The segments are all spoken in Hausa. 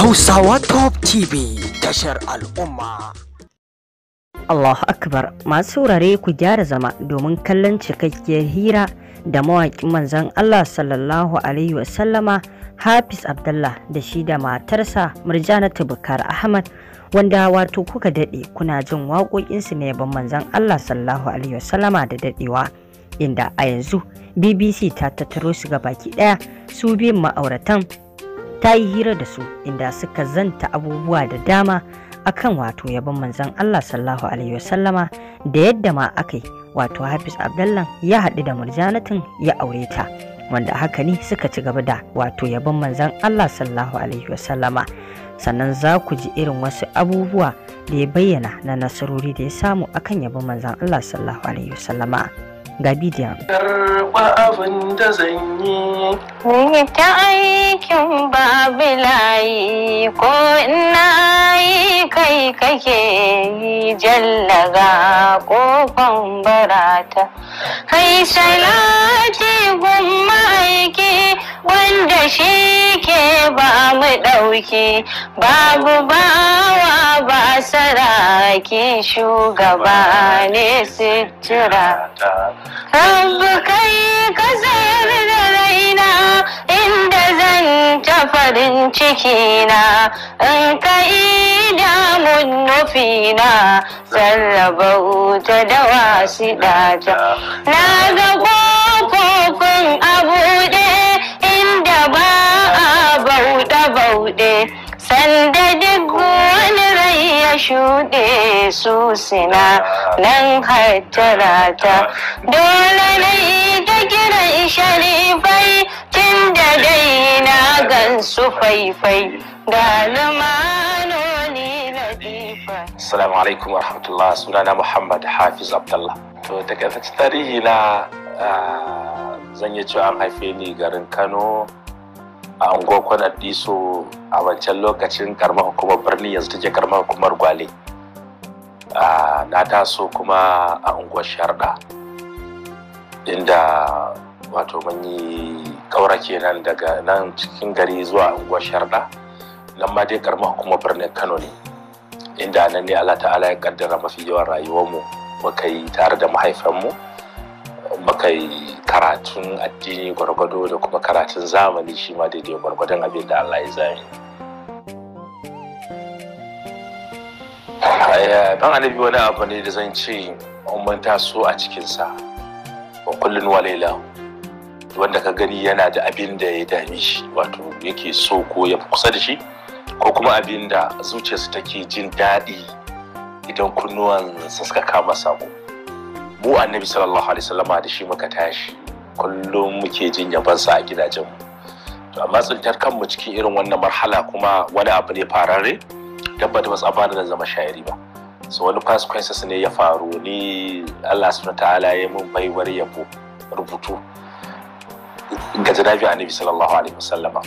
Hausawa Top TV tashar al'umma. Allahu Akbar masu wurare ku gyara zama domin kallon cikakkiyar hira da mawaƙin manzan Allah sallallahu Alaihi wasallama Hafiz Abdullah da shi da matarsa Murjanatu Bukar Ahmad wanda wato kuka daɗe kuna jin waƙoƙinsu ne ban manzan Allah sallallahu Alaihi wasallama da daɗewa inda a yanzu BBC ta tattaro su ga baki ɗaya su biyun ma'auratan ta yi hira da su inda suka zanta abubuwa da dama akan wato yabon Manzan Allah sallahu alaihi wasallama da yadda ma aka yi wato Hafiz Abdallan ya haɗu da Murjanatin ya aure ta wanda haka ne suka ci gaba da wato yabon Manzan Allah sallahu alaihi wasallama sannan za ku ji irin wasu abubuwa da ya bayyana na nasarori da ya samu akan yabon Manzan Allah sallahu alaihi wasallama ga abin da zan yi. Ni ta aiki. ji kake yi jallaga kofan barata kai salati gumma aiki wanda shi ke ba mu ɗauki babu bawa ba saraki shugaba ne sutura rabu kai ka sayar da raina inda farin ciki na in ka yi damun nufi na sarrafa wuta da wasu data na ga kofofin a inda ba a bauɗe-bauɗe sanda duk wani rai ya shuɗe su sina nan har ta dole na yi ta kiran sharifai faifai ga lamanoni latifa. Assalamu alaikum sunana Muhammad Hafiz Abdullah. To daga tarihi na ah, zan yi cewa an haife ni garin Kano a unguwar kwanar diso a wancan lokacin karamar hukumar birni yanzu take karamar hukumar gwale ah, na taso kuma a unguwar sharda inda wato mun yi kaura kenan daga nan cikin gari zuwa unguwar sharda nan ma dai karma hukumar birnin kano ne inda nan ne allah ta'ala ya kaddara mafi yawan rayuwarmu muka yi tare da mahaifanmu muka yi karatun addini gwargwado da kuma karatun zamani shi ma daidai gwargwadon abin da allah ya zai ban eh, alibi wani abu ne da zan ce mun taso a cikinsa wa kullun walela wanda ka gani yana da abin da ya dame shi wato yake so ko ya kusa da shi ko kuma abin da zuciyarsa take jin daɗi idan kunnuwan suka kama sako mu annabi sallallahu alaihi wasallama da shi muka tashi kullum muke jin yabansa a gidajen mu to amma tsintar kanmu cikin irin wannan marhala kuma wani abu ne fararre tabbata ba wasu da zama shayari ba so wani consequences ne ya faru ni Allah subhanahu ta'ala ya mun baiwar yabo rubutu ga a annabi sallallahu alaihi wasallama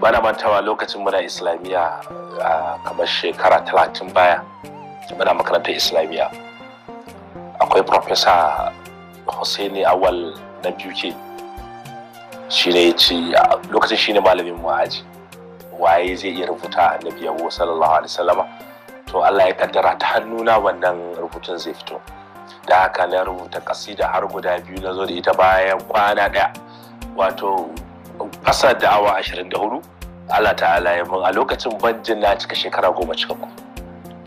bana mantawa lokacin muna islamiyya a kamar shekara talatin baya muna makarantar islamiyya akwai profesa Hussaini awal na biyu shi ne ci lokacin shi ne malamin mu aji waye zai iya rubuta annabi yawo sallallahu alaihi wasallama to Allah ya kaddara ta hannuna wannan rubutun zai fito da haka na rubuta kasida har guda biyu na zo da ita bayan kwana ɗaya wato ƙasar da awa ashirin da hudu Allah ta'ala ya mun a lokacin banjin na cika shekara goma cikakku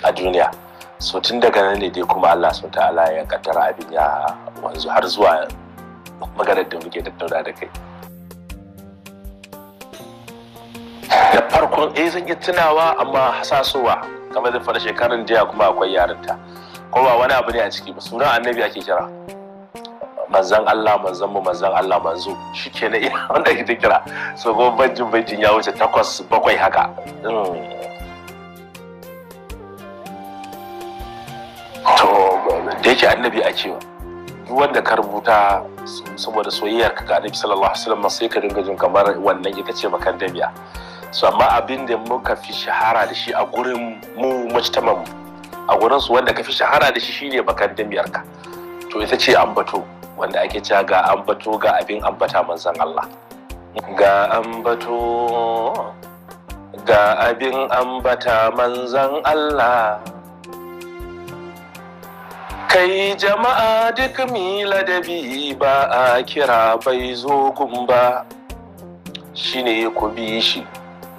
a duniya so tun daga nan ne dai kuma Allah sun ta'ala ya kaddara abin ya wanzu har zuwa maganar da muke tattauna da kai da farkon eh zan yi tunawa amma hasasowa kamar da fara shekarun jiya kuma akwai yarinta ko ba wani abu ne a ciki ba sunan annabi ake kira manzan Allah manzan mu manzan Allah manzo shi ke na ina wanda ta kira so ko bajin bajin ya wuce takwas bakwai haka hmm. to da yake annabi a cewa duk wanda ka rubuta saboda soyayyar ka ga annabi sallallahu alaihi wasallam sai ka dinga jin kamar wannan ita ce makan dabiya so amma abin da muka fi shahara da shi a gurin mu mujtaman mu a gurin su wanda ka fi shahara da shi shine bakan ka to ita ce ambato wanda ake cewa ga ambato ga abin ambata manzon Allah ga ambato ga abin ambata manzan Allah kai jama'a duk mila da bi ba a kira bai zo gumba shine ku bi shi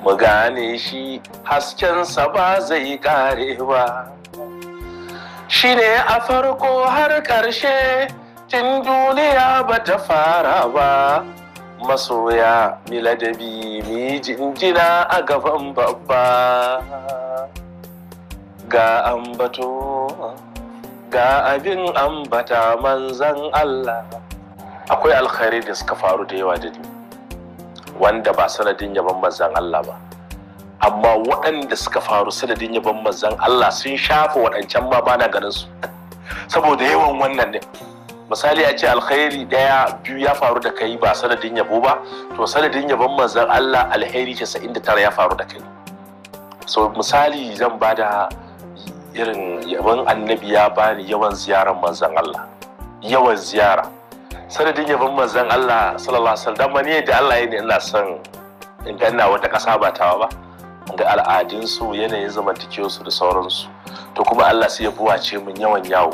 mu gane shi haskensa ba zai kare ba Shi ne a farko har ƙarshe tun duniya ba ta fara ba masoya miladabi mi jinjina a gaban babba ga ambato ga abin ambata manzan Allah akwai alkhairi da suka faru da yawa da wanda ba sanadin yaban manzan Allah ba amma waɗanda suka faru sanadin yaban manzan Allah sun shafa waɗancan ma bana ganin su saboda yawan wannan ne misali a ce alkhairi daya biyu ya faru da kai ba sanadin yabo ba to sanadin yabon manzan Allah alheri 99 ya faru da kai so misali zan ba da irin yabon annabi ya bani yawan ziyarar manzan Allah yawan ziyara sanadin yabon manzan Allah sallallahu alaihi wasallam ne da Allah ya ne ina son in ganna wata ƙasa ba tawa ba da al'adunsu yanayin zamantakewarsu da sauransu to kuma Allah sai ya buwace min yawan yawo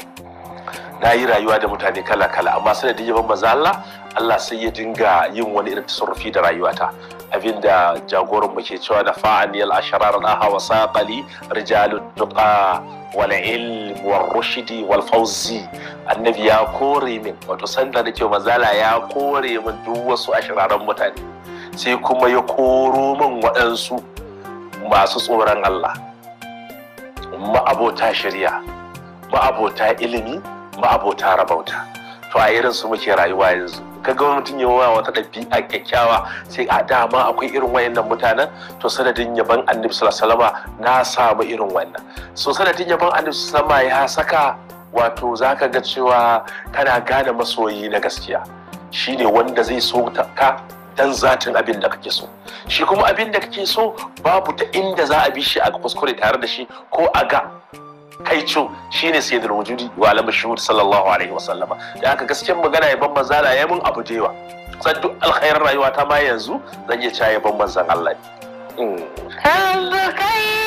na yi rayuwa da mutane kala-kala amma da yaban maza Allah Allah sai ya dinga yin wani irin tasarrufi da rayuwata abinda jagoran mu ke cewa da fa'ani al asharar al hawa saqali rijalu tuqa wal ilm wal rushdi wal fawzi annabi ya kore min wato sanda nake allah ya kore min duk wasu ashiraran mutane sai kuma ya koro min waɗansu masu tsoron Allah ma'abota shirya ma'abota ilimi ma'abota rabauta to a irin su muke rayuwa yanzu ka ga mutum ya wa wata ɗabi'a kyakkyawa sai a dama akwai irin wayannan mutanen to sanadin yaban annabi sallallahu na samu irin wannan so sanadin yaban annabi sallallahu ya saka wato zaka ga cewa kana gane masoyi na gaskiya Shi ne wanda zai so ka dan zatin abin da kake so shi kuma abin da kake so babu ta inda za a bi shi a kuskure tare da shi ko a ga kai shi co sai da wujudi wa alam shuhud sallallahu alaihi wa sallama da aka gaskiyar magana ya ban manzala ya mun abu dewa san duk alkhairar rayuwa ta ma yanzu zan iya caya ya ban manzan Allah ne hmm.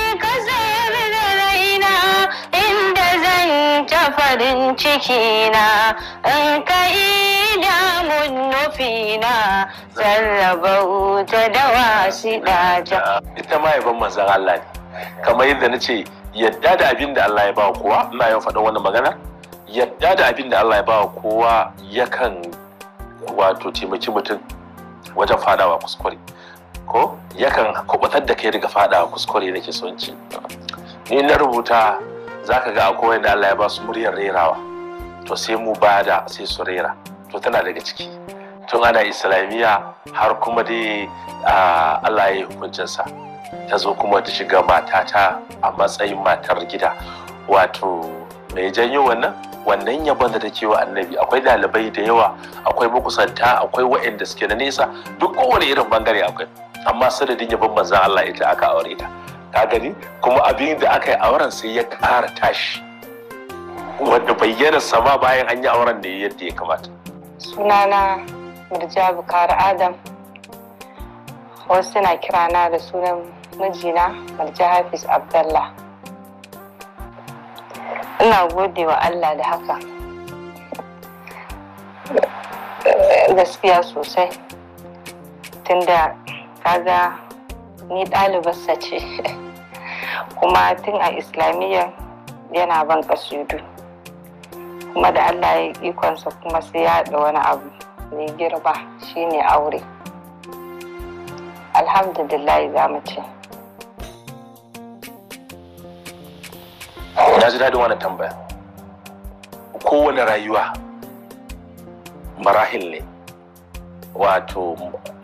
ta farin ciki na in ka yi damun nufi na sarraba ta da wasu ɗata. Ita mahaifin manzan Allah ne, kamar yadda na ce yadda da abin da Allah ya ba kowa, ina yau faɗin wani magana, yadda da abin da Allah ya ba kowa yakan wato taimaki mutum wajen fadawa kuskure. Ko yakan kubutar da kai daga fadawa kuskure nake son ci. Ni na rubuta za ka ga akwai da Allah ya ba su muryar rerawa to sai mu ba da sai su rera to tana daga ciki tun ana islamiyya har kuma dai Allah ya yi hukuncinsa ta zo kuma ta shiga matata a matsayin matar gida wato mai janyo wannan wannan yabon da take wa annabi akwai dalibai da yawa akwai makusanta akwai waɗanda suke na nesa duk kowane irin bangare akwai amma sanadin yabon manzan Allah ita aka aure ta ta gani kuma abin da aka yi auren sai ya ƙara tashi wanda bayyana sama bayan an yi auren da ya yadda ya kamata sunana murja bukari adam wasu na kirana da sunan mijina murja hafiz abdallah ina gode wa allah da haka gaskiya sosai tunda kaga ni ɗalibarsa ce kuma tun a islamiyya yana ban kasudu kuma da allah ya ikonsa kuma sai ya da wani abu mai girba shine aure alhamdulillah za mu ce na ji daɗin wani tambaya kowane rayuwa marahil ne wato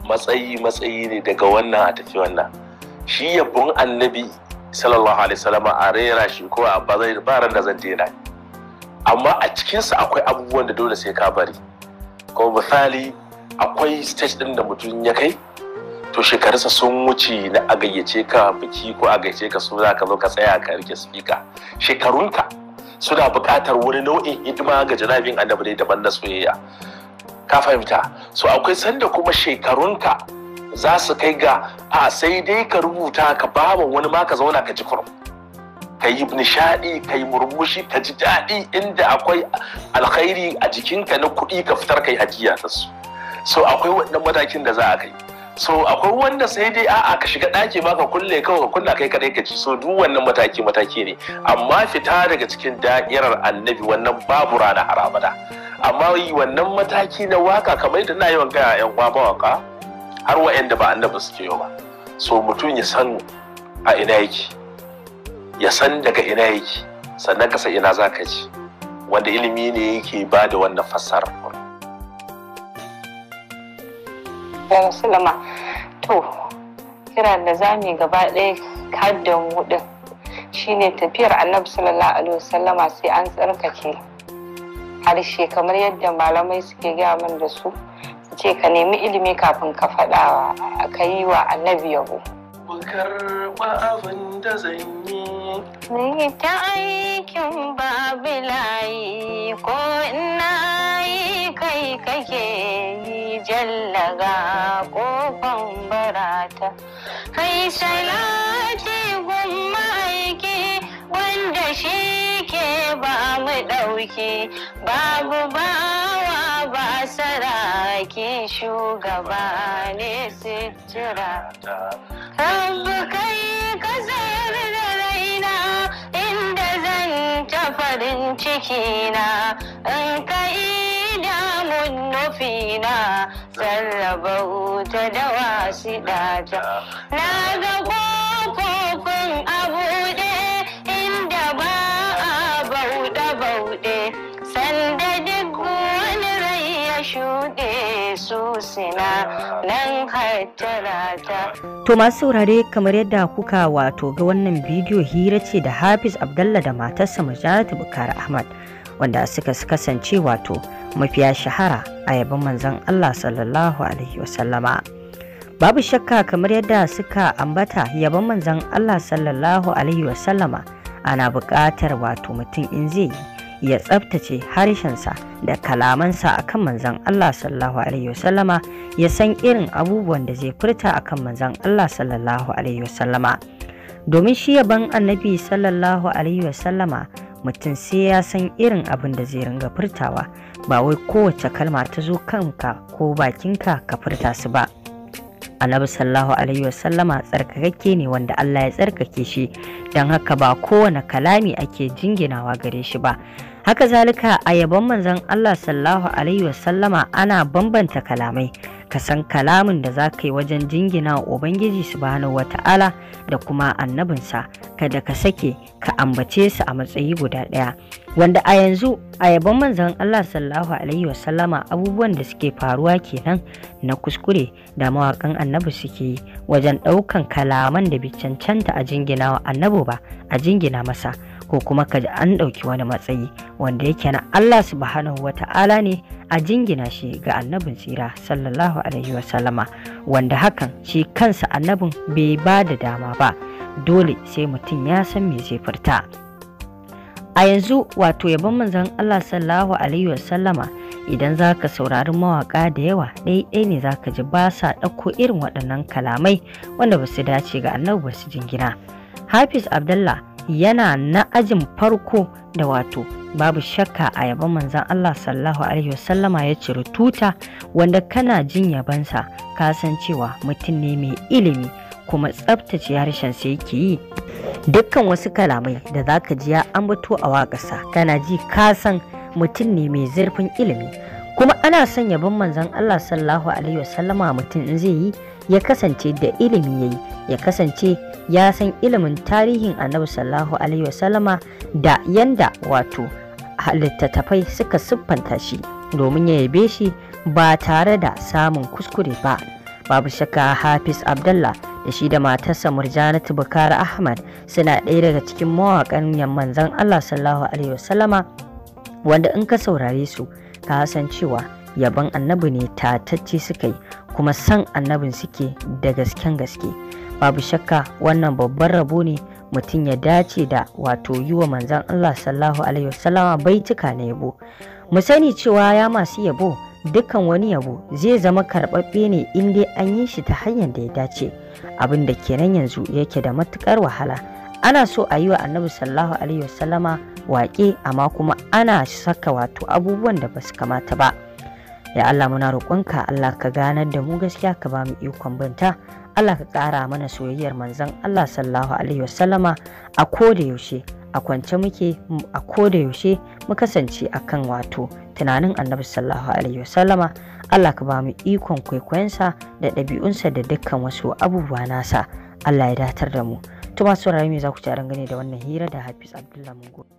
matsayi matsayi ne daga wannan a tafi wannan shi yabon annabi sallallahu alaihi wasallam a rera shi ko a bazai ba ran da zan daina amma a cikinsa akwai abubuwan da dole sai ka bari ko misali akwai stage din da mutum ya kai to shekarunsa sun wuce na a gayyace ka biki ko a gayyace ka suna ka zo ka tsaya ka rike speaker shekarunka suna buƙatar wani nau'in hidima ga janabin annabi daban na soyayya ka fahimta so akwai sanda kuma shekarunka za su kai ga a sai dai ka rubuta ka bawa wani ma ka zauna ka ji kurum ka yi nishaɗi ka yi murmushi ka ji daɗi inda akwai alkhairi a jikinka na kuɗi ka fitar kai ajiya da su so akwai wannan matakin da za a kai so akwai wanda sai dai a'a ka shiga ɗaki ma ka kulle kawai ka kulla kai kaɗai ka ci so duk wannan mataki mataki ne amma fita daga cikin da'irar annabi wannan babu rana har abada amma wannan mataki na waka kamar yadda na yi yawan gaya yan uwa mawaka har wa'anda ba annabi suke yi ba so mutum ya san a ina yake ya san daga ina yake sannan ka san ina za ka ji wanda ilimi ne yake ba da wannan fassarar Musulma to kira da zami gaba ɗaya kaddan hudun shine tafiyar annabi sallallahu alaihi wasallama sai an tsarkake harshe kamar yadda malamai suke gaya min da su ce ka nemi ilimi kafin ka a ka yi wa annabi yabo. ba abin da zan yi. Ni ta aikin babu layi ko ina yi kai kake yi jallaga kofan barata. Kai salati gumma ba mu ɗauki babu bawa ba saraki shugaba ne sitira rabu kai ka da raina inda zan ta farin cikina, na in ka damun nufina sarraba wuta da wasu ɗata na ga kofofin To masu saurare kamar yadda kuka wato ga wannan bidiyo hira ce da Hafiz Abdallah da matarsa Majalatu Bukar Ahmad wanda suka kasance wato mafiya shahara a yabon manzon Allah sallallahu alaihi wasallama. Babu shakka kamar yadda suka ambata yabon manzon Allah sallallahu alaihi wasallama ana buƙatar wato mutum in zai yi ya tsabtace harshensa da kalamansa akan manzon Allah sallallahu alaihi wasallama ya san irin abubuwan da zai furta akan manzon Allah sallallahu alaihi wasallama domin shi yaban annabi sallallahu alaihi wasallama mutum sai ya san irin abin da zai ringa furtawa ba wai kowace kalma ta zo kanka ko bakinka ka furta su ba annabi sallallahu alaihi wasallama tsarkakakke ne wanda Allah ya tsarkake shi don haka ba kowane kalami ake jinginawa gare shi ba haka zalika a yabon manzon Allah sallahu alaihi wasallama ana bambanta kalamai ka san kalamin da za ka yi wajen jingina wa ubangiji subhanahu wata'ala da kuma annabinsa kada ka sake ka ambace su a matsayi guda ɗaya wanda a yanzu a yabon manzon Allah sallahu alaihi wasallama abubuwan da suke faruwa kenan na kuskure da mawakan annabi suke yi wajen ɗaukan kalaman da bi cancanta a jingina wa annabo ba a jingina masa ko kuma ka ji an ɗauki wani matsayi wanda yake na Allah subhanahu wa ta'ala ne a jingina shi ga annabin tsira sallallahu alaihi wa sallama wanda hakan shi kansa annabin bai ba da dama ba dole sai mutum ya san me zai furta a yanzu wato yabon manzon Allah sallallahu alaihi wa sallama idan za ka saurari mawaka da yawa ɗaiɗai ne za ka ji ba sa ɗauko irin waɗannan kalamai wanda ba su dace ga annabi ba su jingina hafiz abdullah yana na ajin farko da wato babu shakka a yabon manzan Allah sallahu alaihi wasallama ya ciri tuta wanda kana jin yabansa cewa mutum ne mai ilimi kuma tsabtace harshensa yake yi dukkan wasu kalamai da zaka ji ya ambato a waƙasa kana ji ka san mutum ne mai zurfin ilimi kuma ana son yabon manzon Allah sallallahu alaihi wasallama mutum in zai yi ya kasance da ilimi yayi ya kasance ya san ilimin tarihin annabi sallallahu alaihi wasallama da yanda wato halittatafai suka siffanta shi domin ya yabe shi ba tare da samun kuskure ba babu shakka hafiz abdullah da shi da matarsa murjanatu bukari ahmad suna ɗaya daga cikin mawaƙan manzon allah sallallahu alaihi wasallama wanda in ka saurare su ta san cewa yaban annabi ne tatacce suka yi kuma san annabin suke da gasken gaske babu shakka wannan babban rabo ne mutum ya dace da wato yi wa manzan Allah sallahu alaihi wasallama baituka na yabo mu sani cewa ya masu yabo dukkan wani yabo zai zama karɓaɓɓe ne in dai an yi shi ta hanyar da ya dace abin da kenan yanzu yake da matukar wahala ana so a yi wa annabi sallahu alaihi wasallama waƙe amma kuma ana saka wato abubuwan da ba su kamata ba ya Allah muna roƙonka Allah ka ganar da mu gaskiya ka ba mu ikon banta Allah ka ƙara mana soyayyar manzon Allah sallallahu alaihi wasallama a koda yaushe a kwance muke a koda yaushe mu kasance akan wato tunanin annabi sallallahu alaihi wasallama Allah ka ba mu ikon kwaikwayonsa da ɗabi'unsa da dukkan wasu abubuwa nasa Allah ya datar da mu to masu rayuwa me za ku ci dangane da wannan hira da Hafiz Abdullahi Mungo